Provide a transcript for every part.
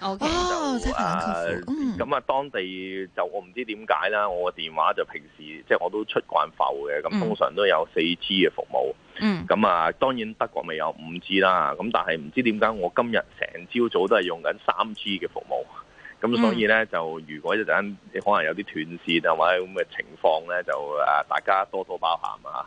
Okay. 嗯、哦，咁啊，當地就我唔知點解啦。我個電話就平時即係我都出慣埠嘅，咁通常都有四 G 嘅服務。嗯，咁啊，當然德國咪有五 G 啦。咁但係唔知點解我今日成朝早都係用緊三 G 嘅服務。咁所以呢，嗯、就如果一陣間你可能有啲斷線呀或者咁嘅情況呢，就誒大家多多包涵啊。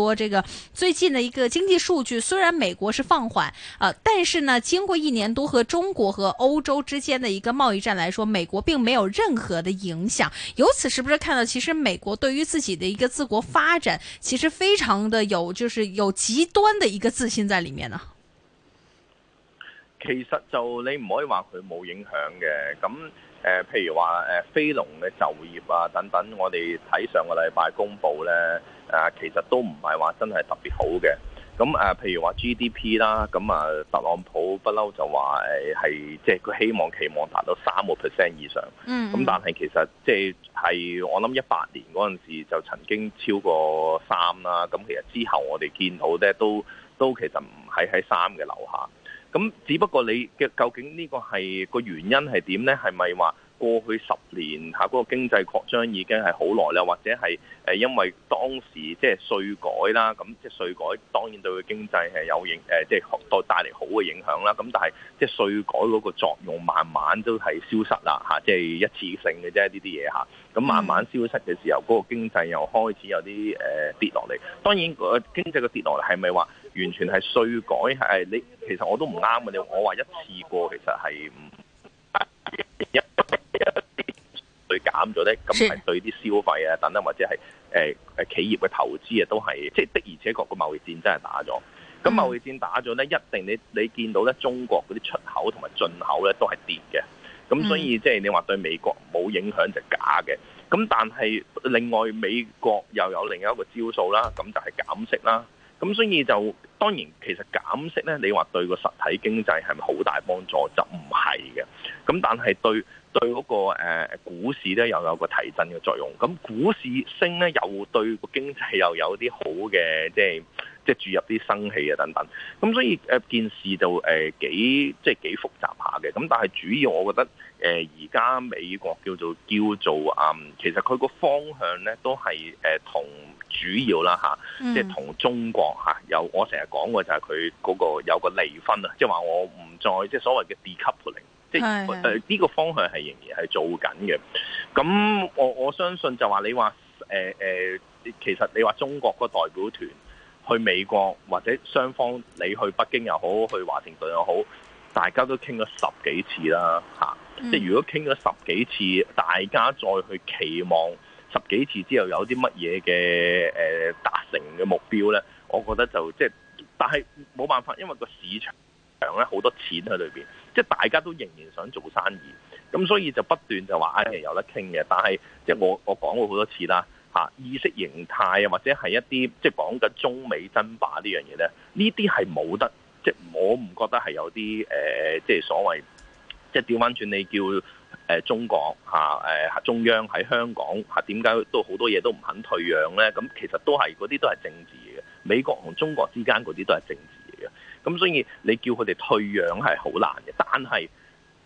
說這個最近的一個經濟數據，雖然美國是放緩，呃，但是呢，經過一年多和中國和歐洲之間的一個貿易戰來說，美國並沒有任何的影響。由此是不是看到，其實美國對於自己的一個自國發展，其實非常的有，就是有極端的一個自信在裏面呢？其實就你唔可以話佢冇影響嘅，咁、呃、譬如話誒、呃、非農嘅就業啊等等，我哋睇上個禮拜公布呢。啊，其實都唔係話真係特別好嘅。咁啊，譬如話 GDP 啦，咁啊，特朗普不嬲就話誒係，即係佢希望期望達到三個 percent 以上。嗯。咁但係其實即係係我諗一八年嗰陣時就曾經超過三啦。咁其實之後我哋見到咧都都其實唔喺喺三嘅樓下。咁，只不過你嘅究竟呢個係個原因係點咧？係咪話？過去十年嚇，嗰個經濟擴張已經係好耐啦，或者係誒，因為當時即係稅改啦，咁即係稅改當然對經濟係有影誒，即係學到帶嚟好嘅影響啦。咁但係即係稅改嗰個作用慢慢都係消失啦嚇，即係一次性嘅啫呢啲嘢嚇。咁慢慢消失嘅時候，嗰個經濟又開始有啲誒跌落嚟。當然個經濟嘅跌落嚟係咪話完全係稅改係你？其實我都唔啱嘅，我話一次過其實係唔一。減咗呢，咁係對啲消費啊，等等或者係、欸、企業嘅投資啊，都係即的而且確個貿易戰真係打咗。咁貿易戰打咗呢，一定你你見到呢中國嗰啲出口同埋進口呢都係跌嘅。咁所以即係你話對美國冇影響就假嘅。咁但係另外美國又有另一個招數啦，咁就係減息啦。咁所以就當然其實減息咧，你話對個實體經濟係咪好大幫助？就唔係嘅。咁但係對對嗰個誒股市咧又有個提振嘅作用。咁股市升咧又對個經濟又有啲好嘅，即係即係注入啲生氣啊等等。咁所以誒件事就誒、呃、幾即係幾複雜下嘅。咁但係主要我覺得誒，而、呃、家美國叫做叫做誒、嗯，其實佢個方向咧都係誒同。呃主要啦吓，即係同中國吓，有、嗯、我成日講嘅就係佢嗰個有個離婚啊，即係話我唔再即係、就是、所謂嘅 decoupling 即係呢個方向係仍然係做緊嘅。咁我我相信就話你話、欸欸、其實你話中國嗰代表團去美國或者雙方你去北京又好，去華盛頓又好，大家都傾咗十幾次啦吓，即係、嗯、如果傾咗十幾次，大家再去期望。十幾次之後有啲乜嘢嘅誒達成嘅目標呢？我覺得就即係，但係冇辦法，因為個市場上咧好多錢喺裏面，即係大家都仍然想做生意，咁所以就不斷就話唉，嘅有得傾嘅。但係即係我我講過好多次啦，意識形態啊，或者係一啲即係講緊中美爭霸呢樣嘢呢，呢啲係冇得，即係我唔覺得係有啲、呃、即係所謂即係調翻轉你叫。誒中國嚇誒、啊啊、中央喺香港嚇，點解都好多嘢都唔肯退讓呢？咁其實都係嗰啲都係政治嘅，美國同中國之間嗰啲都係政治嚟嘅。咁所以你叫佢哋退讓係好難嘅。但係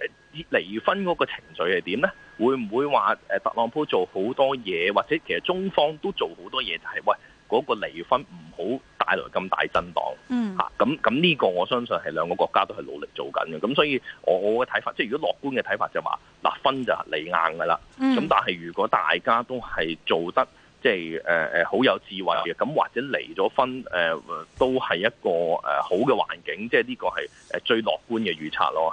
誒離婚嗰個程序係點呢？會唔會話誒、啊、特朗普做好多嘢，或者其實中方都做好多嘢、就係，就係喂？嗰個離婚唔好帶來咁大震盪，嚇咁咁呢個我相信係兩個國家都係努力做緊嘅，咁所以我我嘅睇法，即係如果樂觀嘅睇法就話，嗱婚就離硬㗎啦，咁、嗯嗯、但係如果大家都係做得即係誒好有智慧嘅，咁或者離咗婚誒、呃、都係一個誒、呃、好嘅環境，即係呢個係最樂觀嘅預測咯。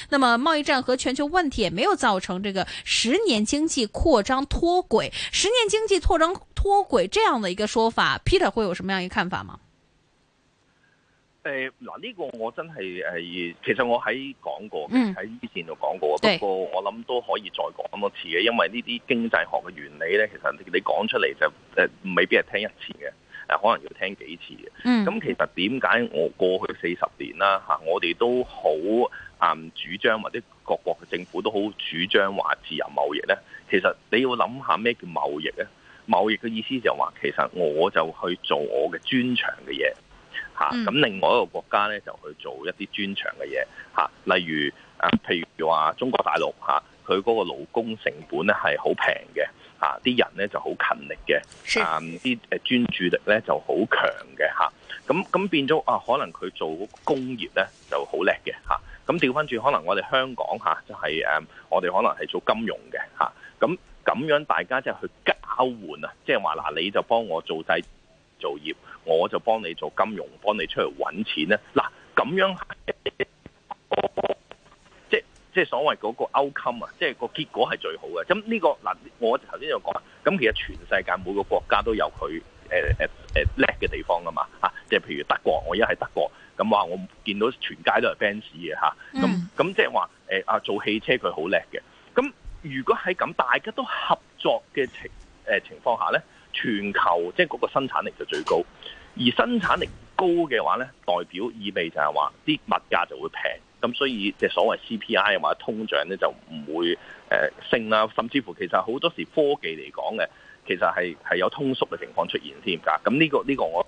那麼貿易戰和全球問題也沒有造成這個十年經濟擴張脱軌，十年經濟擴張脫軌這樣的一個說法，Peter 會有什麼樣一個看法嗎？誒嗱、呃，呢、這個我真係誒、呃，其實我喺講過，喺以前就講過，嗯、不過我諗都可以再講多次嘅，對因為呢啲經濟學嘅原理咧，其實你講出嚟就誒未、呃、必係聽一次嘅，誒、呃、可能要聽幾次嘅。咁、嗯、其實點解我過去四十年啦吓、啊，我哋都好。啊！主張或者各國嘅政府都好主張話自由貿易呢。其實你要諗下咩叫貿易呢？貿易嘅意思就話其實我就去做我嘅專長嘅嘢，嚇咁、嗯、另外一個國家呢，就去做一啲專長嘅嘢，例如啊，譬如話中國大陸嚇，佢嗰個勞工成本咧係好平嘅。啊！啲人咧就好勤力嘅，啊，啲誒專注力咧就好強嘅嚇。咁、啊、咁變咗啊，可能佢做工業咧就好叻嘅嚇。咁調翻轉，可能我哋香港嚇、啊、就係、是、誒、啊，我哋可能係做金融嘅嚇。咁、啊、咁樣大家即係去交換啊，即係話嗱，你就幫我做製造業，我就幫你做金融，幫你出嚟揾錢咧。嗱、啊，咁樣。即係所謂嗰個 outcome 啊，即係個結果係最好嘅。咁呢個嗱，我頭先就講咁，其實全世界每個國家都有佢誒誒誒叻嘅地方噶嘛嚇，即係譬如德國，我而家喺德國咁話，我見到全街都係 Benz 嘅嚇。咁咁即係話誒啊、呃，做汽車佢好叻嘅。咁如果喺咁大家都合作嘅情誒情況下咧，全球即係嗰個生產力就最高。而生產力高嘅話咧，代表意味就係話啲物價就會平。咁所以即係所謂 CPI 啊，或者通脹咧，就唔會誒升啦。甚至乎其實好多時科技嚟講嘅，其實係係有通縮嘅情況出現添㗎。咁呢個呢個我。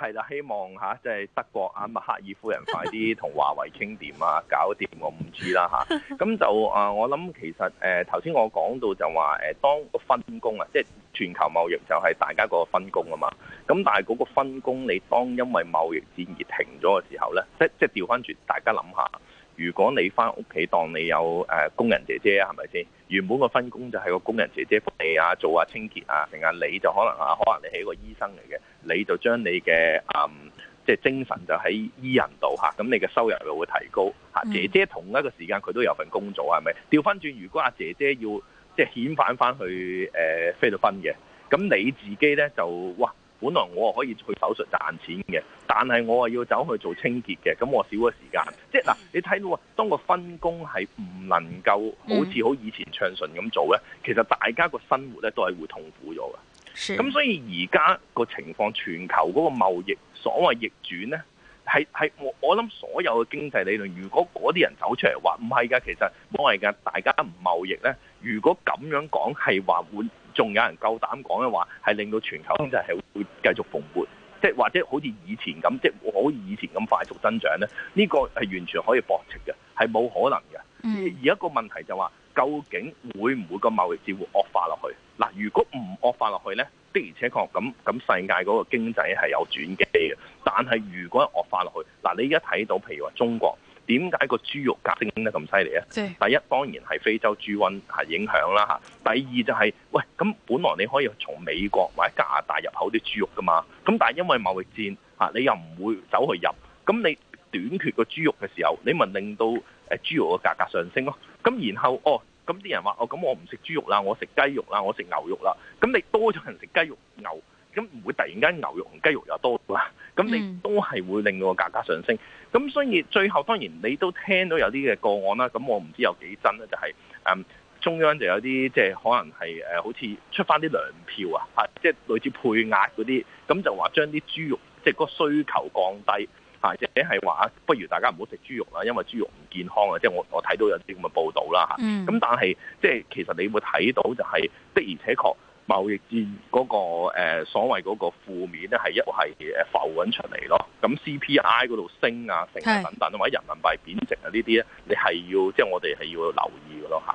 係啦，希望嚇即係德國啊，默克爾夫人快啲同華為傾掂 啊，搞掂我唔知啦嚇。咁就啊，我諗其實誒頭先我講到就話誒，當個分工啊，即係全球貿易就係大家個分工啊嘛。咁但係嗰個分工你當因為貿易戰而停咗嘅時候咧，即即係調翻轉大家諗下，如果你翻屋企當你有誒、呃、工人姐姐係咪先？原本個分工就係個工人姐姐你啊，做下、啊、清潔啊，定係你就可能啊，可能你係一個醫生嚟嘅。你就將你嘅誒、嗯，即係精神就喺醫人度嚇，咁你嘅收入又會提高嚇。嗯、姐姐同一個時間佢都有份工做，係咪？調翻轉，如果阿姐姐要即係遣返翻去誒、呃、菲律賓嘅，咁你自己咧就哇，本來我啊可以去手術賺錢嘅，但係我啊要走去做清潔嘅，咁我少咗時間。即係嗱、啊，你睇到啊，當個分工係唔能夠好似好以前暢順咁做咧，嗯、其實大家個生活咧都係會痛苦咗嘅。咁是所以而家個情況，全球嗰個貿易所謂逆轉咧，係係我我諗所有嘅經濟理論，如果嗰啲人走出嚟話唔係㗎，其實冇係㗎，大家唔貿易咧，如果咁樣講，係話會仲有人夠膽講嘅話，係令到全球經濟係會繼續蓬勃，即係或者好似以前咁，即係好似以前咁快速增長咧，呢、呢個係完全可以駁斥嘅，係冇可能嘅。而一個問題就話。究竟會唔會個貿易戰會惡化落去？嗱，如果唔惡化落去呢，的而且確咁咁世界嗰個經濟係有轉機嘅。但係如果惡化落去，嗱，你而家睇到譬如話中國點解個豬肉價升得咁犀利啊？是第一當然係非洲豬瘟係影響啦嚇。第二就係、是、喂咁，本來你可以從美國或者加拿大入口啲豬肉㗎嘛。咁但係因為貿易戰嚇、啊，你又唔會走去入，咁你短缺個豬肉嘅時候，你咪令到。誒豬肉嘅價格上升咯，咁然後哦，咁啲人話哦，咁我唔食豬肉啦，我食雞肉啦，我食牛肉啦，咁你多咗人食雞肉牛，咁唔會突然間牛肉同雞肉又多啦，咁你都係會令到個價格上升，咁所以最後當然你都聽到有啲嘅個案啦，咁我唔知有幾真啦，就係誒中央就有啲即係可能係好似出翻啲糧票啊，即係類似配額嗰啲，咁就話將啲豬肉即係個需求降低。或者係話，不如大家唔好食豬肉啦，因為豬肉唔健康啊！即係我我睇到有啲咁嘅報道啦嚇。咁、嗯、但係即係其實你會睇到就係的而且確貿易戰嗰個呃所謂嗰個負面咧係一係誒浮緊出嚟咯。咁 CPI 嗰度升啊、升啊等等，是 或者人民幣貶值啊呢啲咧，你係要即係我哋係要留意嘅咯嚇。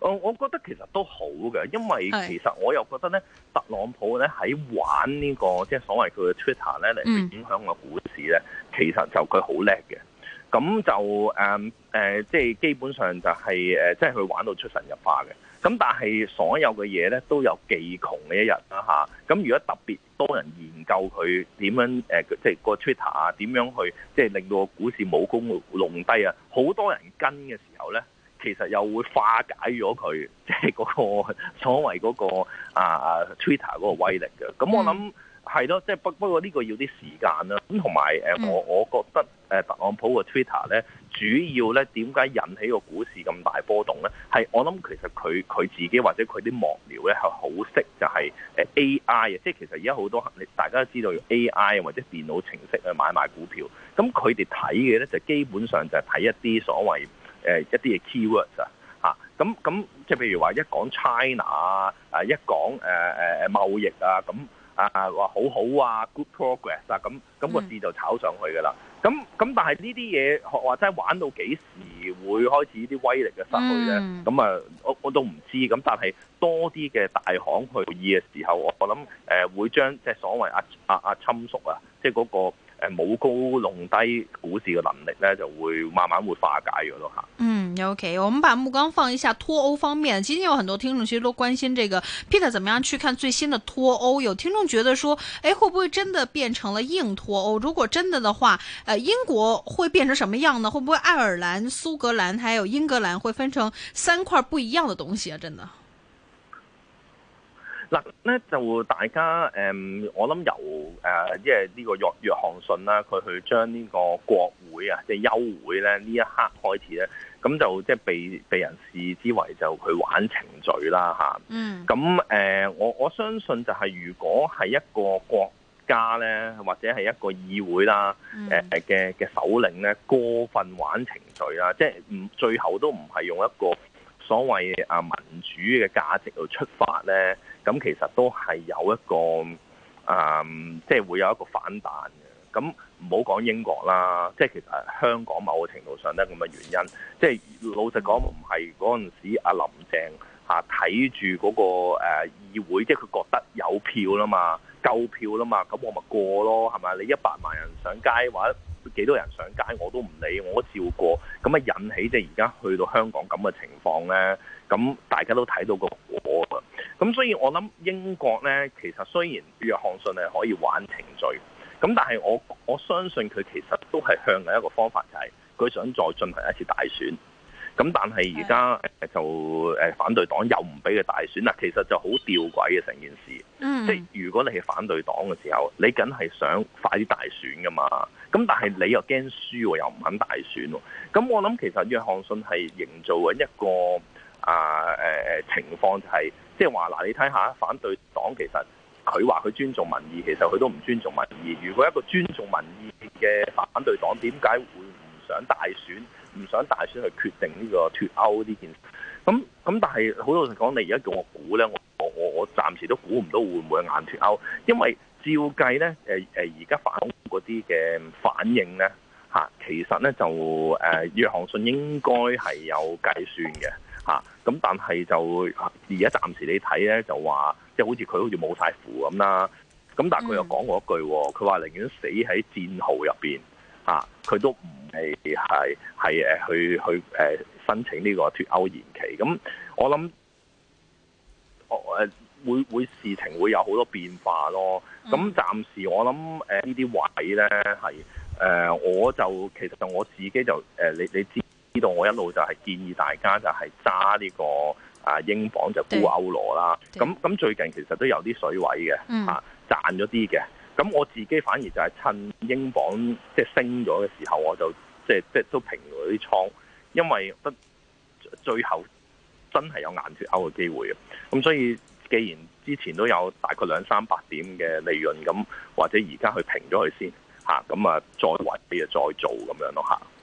我我覺得其實都好嘅，因為其實我又覺得咧，特朗普咧喺玩呢個即係所謂佢嘅 Twitter 咧嚟去影響個股市咧，嗯、其實就佢好叻嘅。咁就誒誒，即係基本上就係誒，即係佢玩到出神入化嘅。咁但係所有嘅嘢咧都有技窮嘅一日啦嚇。咁如果特別多人研究佢點樣誒，即係個 Twitter 啊，點樣去即係令到個股市冇功弄低啊，好多人跟嘅時候咧。其實又會化解咗佢，即係嗰個所謂嗰、那個啊 Twitter 嗰個威力嘅。咁我諗係咯，即係、嗯就是、不不過呢個要啲時間啦。咁同埋我我覺得誒特朗普個 Twitter 咧，主要咧點解引起個股市咁大波動咧？係我諗其實佢佢自己或者佢啲幕僚咧係好識就係 AI 即係、就是、其實而家好多大家都知道用 AI 或者電腦程式去買賣股票，咁佢哋睇嘅咧就基本上就係睇一啲所謂。誒一啲嘅 keywords 啊，嚇咁咁即係譬如話一講 China 啊，誒一講誒誒貿易啊，咁啊話、啊啊啊啊、好好啊，good progress 啊，咁、啊、咁、啊咁個市就炒上去㗎啦。咁咁、嗯、但係呢啲嘢話齋係玩到幾時會開始啲威力嘅失去咧？咁、嗯、啊，我我都唔知。咁但係多啲嘅大行去意嘅時候，我我諗誒會將即係所謂啊啊啊侵蝕啊，即係嗰個。誒，冇高弄低股市嘅能力呢，就會慢慢會化解咗咯吓。嗯，OK，我們把目光放一下脫歐方面。今天有很多聽眾其實都關心這個 Peter 怎麼樣去看最新的脫歐。有聽眾覺得說，誒，會不會真的變成了硬脫歐？如果真的的話，誒、呃，英國會變成什麼樣呢？會不會愛爾蘭、蘇格蘭還有英格蘭會分成三塊不一樣的東西啊？真的？嗱咧就大家誒，我諗由誒，即係呢個約約翰遜啦，佢去將呢個國會啊，即係休會咧，呢一刻開始咧，咁就即係被被人視之為就佢玩程序啦嚇。嗯。咁誒、呃，我我相信就係如果係一個國家咧，或者係一個議會啦，誒嘅嘅首領咧過分玩程序啦，即係唔最後都唔係用一個。所謂啊民主嘅價值度出發呢，咁其實都係有一個啊，即係會有一個反彈嘅。咁唔好講英國啦，即係其實香港某個程度上都係咁嘅原因，即係老實講唔係嗰陣時阿林鄭嚇睇住嗰個誒議會，即係佢覺得有票啦嘛，夠票啦嘛，咁我咪過咯，係咪啊？你一百萬人上街，玩？幾多人上街我都唔理，我都照過，咁啊引起即係而家去到香港咁嘅情況呢，咁大家都睇到個果，咁所以我諗英國呢，其實雖然約翰遜係可以玩程序，咁但係我我相信佢其實都係向緊一個方法，就係、是、佢想再進行一次大選。咁但係而家就反對黨又唔俾佢大選啦，其實就好吊詭嘅成件事。Mm. 即係如果你係反對黨嘅時候，你梗係想快啲大選噶嘛？咁但係你又驚輸喎，又唔肯大選喎。咁我諗其實約翰遜係營造緊一個啊、呃、情況、就係，就係即係話嗱，你睇下反對黨其實佢話佢尊重民意，其實佢都唔尊重民意。如果一個尊重民意嘅反對黨，點解會唔想大選？唔想大選去決定呢個脱歐呢件事，咁咁但係好多人講，你而家叫我估呢，我我我暫時都估唔到會唔會硬脱歐，因為照計呢，誒誒而家反嗰啲嘅反應呢，嚇、啊，其實呢，就誒、呃、約翰遜應該係有計算嘅嚇，咁、啊、但係就而家、啊、暫時你睇呢，就話，即係好似佢好似冇晒符咁啦，咁但係佢又講過一句，佢話、嗯哦、寧願死喺戰壕入邊。啊！佢都唔係係係誒去去誒、啊、申請呢個脱歐延期，咁我諗我誒會,會事情會有好多變化咯。咁暫時我諗誒呢啲位咧係誒我就其實我自己就誒你你知知道我一路就係建議大家就係揸呢個啊英鎊就沽歐羅啦。咁咁對對 最近其實都有啲水位嘅，嚇、啊、賺咗啲嘅。咁我自己反而就係趁英鎊即係升咗嘅時候，我就即係即係都平咗啲倉，因為得最後真係有硬脫歐嘅機會啊！咁所以既然之前都有大概兩三百點嘅利潤，咁或者而家去平咗佢先吓，咁啊再維就再做咁樣咯。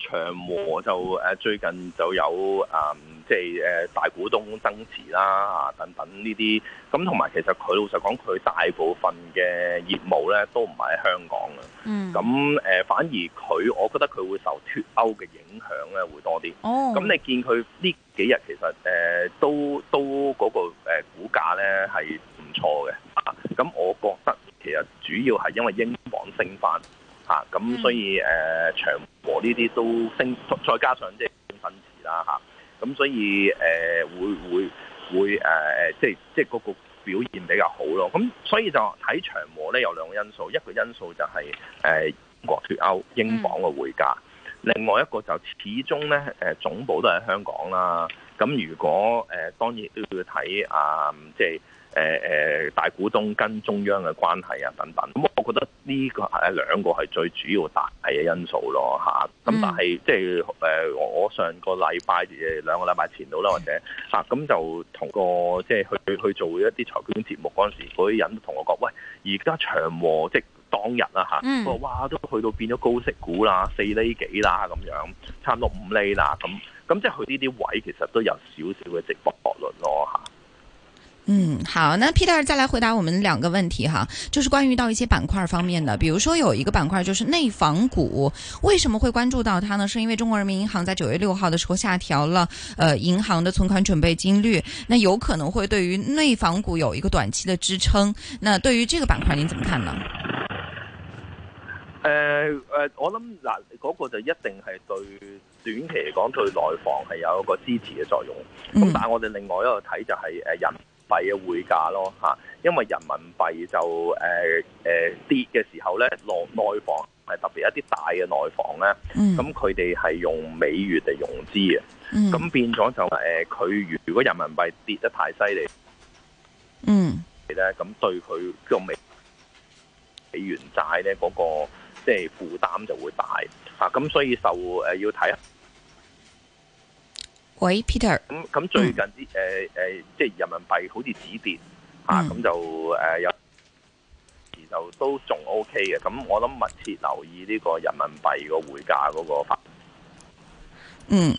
長和就最近就有即係，嗯就是，大股東增持啦，等等呢啲咁，同埋其實佢老實講，佢大部分嘅業務咧都唔係喺香港嘅。咁、mm. 反而佢我覺得佢會受脱歐嘅影響咧會多啲。咁、oh. 你見佢呢幾日其實都都嗰個股價咧係唔錯嘅啊。咁我覺得其實主要係因為英鎊升翻。啊，咁所以誒、mm. 呃、長和呢啲都升，再加上即係新市啦嚇，咁所以誒、呃、會會會誒、呃、即係即係嗰個表現比較好咯。咁所以就睇長和咧有兩個因素，一個因素就係、是、誒、呃、英國脱歐英鎊嘅匯價，mm. 另外一個就始終咧總部都喺香港啦。咁如果誒、呃、當然都要睇啊，即係。誒誒、呃，大股東跟中央嘅關係啊，等等，咁我覺得呢個誒兩個係最主要大嘅因素咯嚇。咁但係、嗯、即係誒、呃，我上個禮拜誒兩個禮拜前到啦，或者嚇咁就同個即係去去做一啲財經節目嗰陣時，嗰啲人都同我講，喂，而家長和即係當日啦吓、啊嗯，哇都去到變咗高息股啦，四厘幾啦咁樣，差唔多五厘啦咁，咁即係佢呢啲位置其實都有少少嘅值博率咯嚇。嗯，好，那 Peter 再來回答我們兩個問題哈，就是關於到一些板塊方面的，比如說有一個板塊就是內房股，為什麼會關注到它呢？是因為中國人民銀行在九月六號的時候下調了呃銀行的存款準備金率，那有可能會對於內房股有一個短期的支撐。那對於這個板塊您怎麼看呢？呃呃，我諗嗱，嗰、那個就一定係對短期嚟講對內房係有一個支持嘅作用。咁、嗯、但係我哋另外一個睇就係、是、誒、呃、人。幣嘅匯價咯嚇，因為人民幣就誒誒、呃呃、跌嘅時候咧，內內房係特別一啲大嘅內房咧，咁佢哋係用美元嚟融資嘅，咁、嗯、變咗就誒，佢、呃、如果人民幣跌得太犀利，嗯，咧咁對佢用美美元債咧嗰、那個即係、就是、負擔就會大嚇，咁、啊、所以就誒、呃、要睇喂，Peter、嗯。咁咁最近啲誒誒，即係人民幣好似止跌嚇，咁、啊嗯、就誒有時就都仲 O K 嘅。咁我諗密切留意呢個人民幣個匯價嗰個發展。嗯。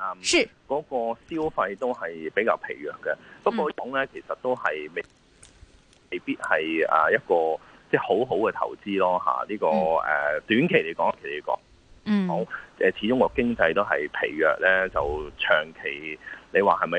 啊！嗰、嗯嗰個消費都係比較疲弱嘅，不過講咧其實都係未未必係啊一個即係好好嘅投資咯嚇。呢、呢個誒短期嚟講，其實嚟講，嗯，好誒，始終個經濟都係疲弱咧，就長期你話係咪？